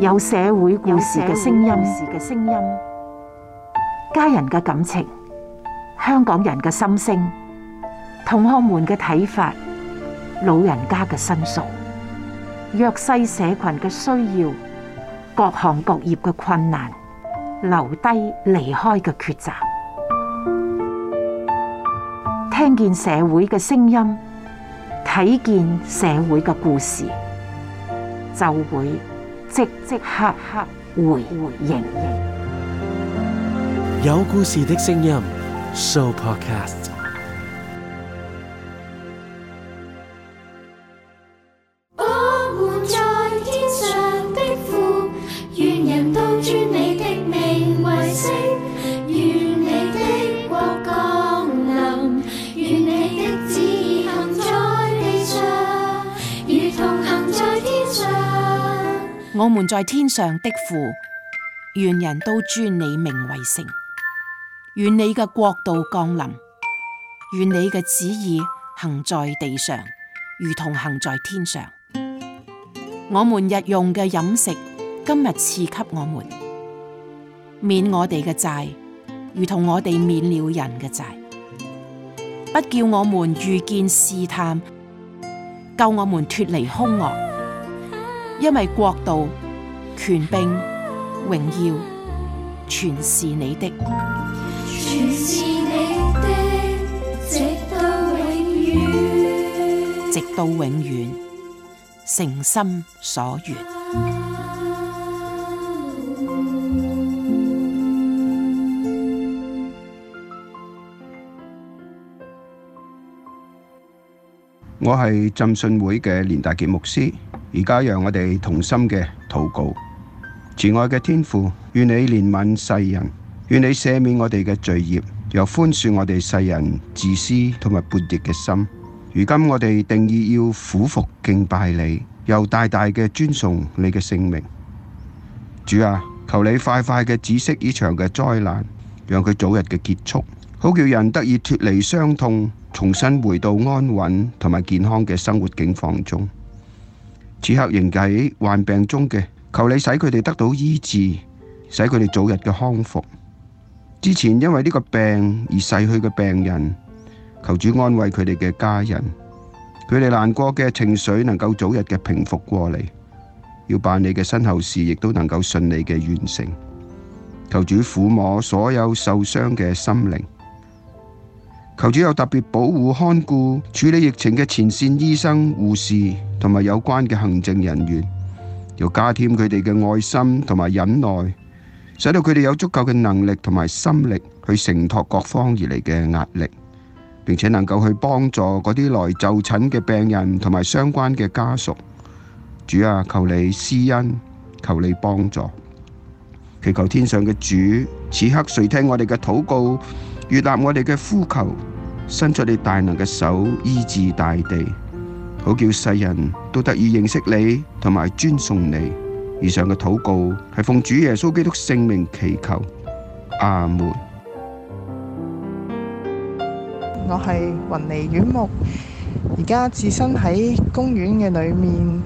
有社會故事嘅聲音，家人嘅感情，香港人嘅心聲，同學們嘅睇法，老人家嘅申訴，弱勢社群嘅需要，各行各業嘅困難，留低離開嘅抉擇。聽見社會嘅聲音，睇見社會嘅故事，就會。即即刻刻回回應應， 有故事的聲音，So Podcast。我們在天上的父，願人都尊你名為聖。願你嘅國度降臨，願你嘅旨意行在地上，如同行在天上。我們日用嘅飲食，今日賜給我們，免我哋嘅債，如同我哋免了人嘅債。不叫我們遇見試探，救我們脫離兇惡。因為國度、權柄、榮耀，全是你的，全是你的，直到永遠，直到永遠，誠心所願。我係浸信會嘅聯大嘅牧師。而家讓我哋同心嘅禱告，慈愛嘅天父，願你憐憫世人，願你赦免我哋嘅罪孽，又寬恕我哋世人自私同埋叛逆嘅心。如今我哋定意要俯伏敬拜你，又大大嘅尊崇你嘅聖名。主啊，求你快快嘅止息呢場嘅災難，讓佢早日嘅結束，好叫人得以脫離傷痛，重新回到安穩同埋健康嘅生活境況中。此刻仍喺患病中嘅，求你使佢哋得到醫治，使佢哋早日嘅康復。之前因為呢個病而逝去嘅病人，求主安慰佢哋嘅家人，佢哋難過嘅情緒能夠早日嘅平復過嚟。要辦理嘅身後事亦都能夠順利嘅完成。求主撫摸所有受傷嘅心靈，求主又特別保護看顧處理疫情嘅前線醫生護士。同埋有關嘅行政人員，要加添佢哋嘅愛心同埋忍耐，使到佢哋有足夠嘅能力同埋心力去承托各方而嚟嘅壓力，並且能夠去幫助嗰啲來就診嘅病人同埋相關嘅家屬。主啊，求你施恩，求你幫助，祈求天上嘅主此刻垂聽我哋嘅禱告，悅納我哋嘅呼求，伸出你大能嘅手，醫治大地。好叫世人都得以認識你，同埋尊崇你。以上嘅禱告係奉主耶穌基督聖名祈求，阿門。我係云尼苑木，而家置身喺公園嘅裏面，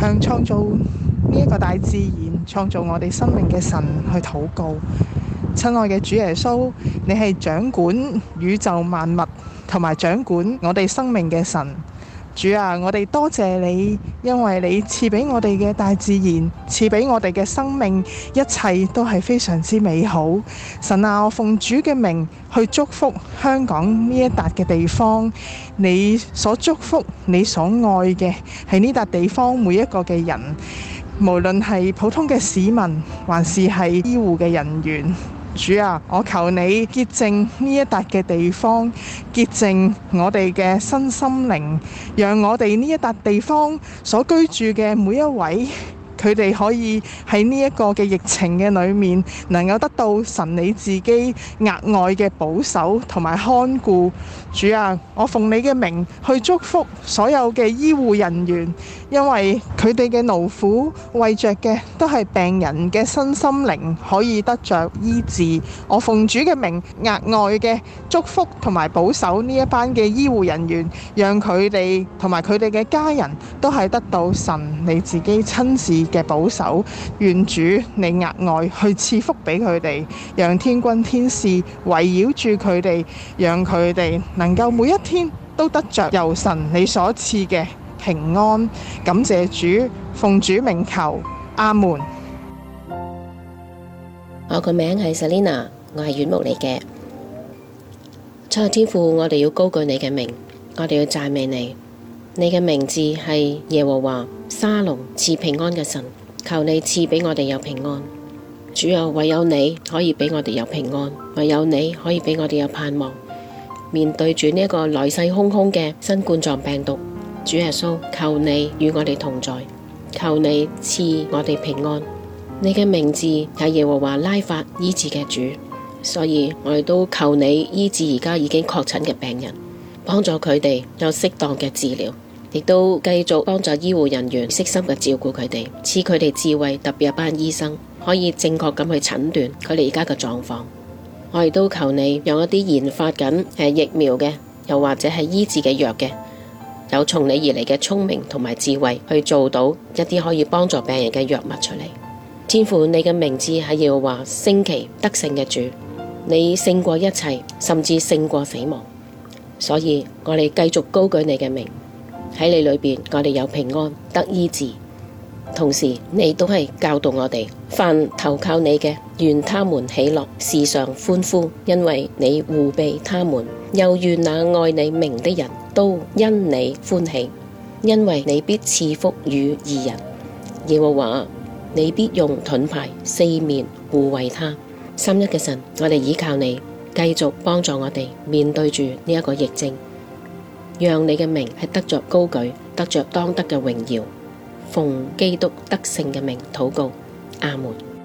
向創造呢一個大自然、創造我哋生命嘅神去禱告。親愛嘅主耶穌，你係掌管宇宙萬物，同埋掌管我哋生命嘅神。主啊，我哋多謝你，因為你賜俾我哋嘅大自然，賜俾我哋嘅生命，一切都係非常之美好。神啊，我奉主嘅名去祝福香港呢一笪嘅地方，你所祝福、你所愛嘅係呢笪地方每一個嘅人，無論係普通嘅市民，還是係醫護嘅人員。主啊，我求你潔淨呢一笪嘅地方，潔淨我哋嘅身心靈，讓我哋呢一笪地方所居住嘅每一位，佢哋可以喺呢一個嘅疫情嘅裏面，能夠得到神你自己額外嘅保守同埋看顧。主啊，我奉你嘅名去祝福所有嘅醫護人員。因為佢哋嘅勞苦為着嘅都係病人嘅身心靈可以得着醫治，我奉主嘅名額外嘅祝福同埋保守呢一班嘅醫護人員，讓佢哋同埋佢哋嘅家人都係得到神你自己親自嘅保守，願主你額外去賜福俾佢哋，讓天軍天使圍繞住佢哋，讓佢哋能夠每一天都得着由神你所賜嘅。平安，感謝主，奉主名求，阿門。我個名係 Selina，我係遠目嚟嘅。七天父，我哋要高舉你嘅名，我哋要讚美你。你嘅名字係耶和華沙龍賜平安嘅神，求你賜俾我哋有平安。主啊，唯有你可以俾我哋有平安，唯有你可以俾我哋有盼望。面對住呢一個來勢洶洶嘅新冠狀病毒。主耶穌，求你與我哋同在，求你賜我哋平安。你嘅名字係耶和華拉法醫治嘅主，所以我哋都求你醫治而家已經確診嘅病人，幫助佢哋有適當嘅治療，亦都繼續幫助醫護人員悉心嘅照顧佢哋，賜佢哋智慧，特別一班醫生可以正確咁去診斷佢哋而家嘅狀況。我亦都求你用一啲研發緊疫苗嘅，又或者係醫治嘅藥嘅。有從你而嚟嘅聰明同埋智慧，去做到一啲可以幫助病人嘅藥物出嚟。天父，你嘅名字係耶和華升旗得勝嘅主，你勝過一切，甚至勝過死亡。所以我哋繼續高舉你嘅名，喺你裏面，我哋有平安得醫治。同時，你都係教導我哋，凡投靠你嘅，願他們喜樂，時常歡呼，因為你護庇他們；又願那愛你名的人都因你歡喜，因為你必賜福與義人。耶和華，你必用盾牌四面護衛他。三一嘅神，我哋依靠你，繼續幫助我哋面對住呢一個疫症，讓你嘅名係得着高舉，得着當得嘅榮耀。奉基督得勝嘅名，禱告，阿門。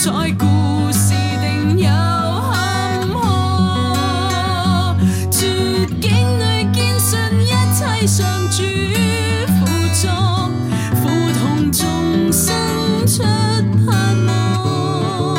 在故事定有坎坷，絕境裏堅信一切上主輔助，苦痛中生出盼望。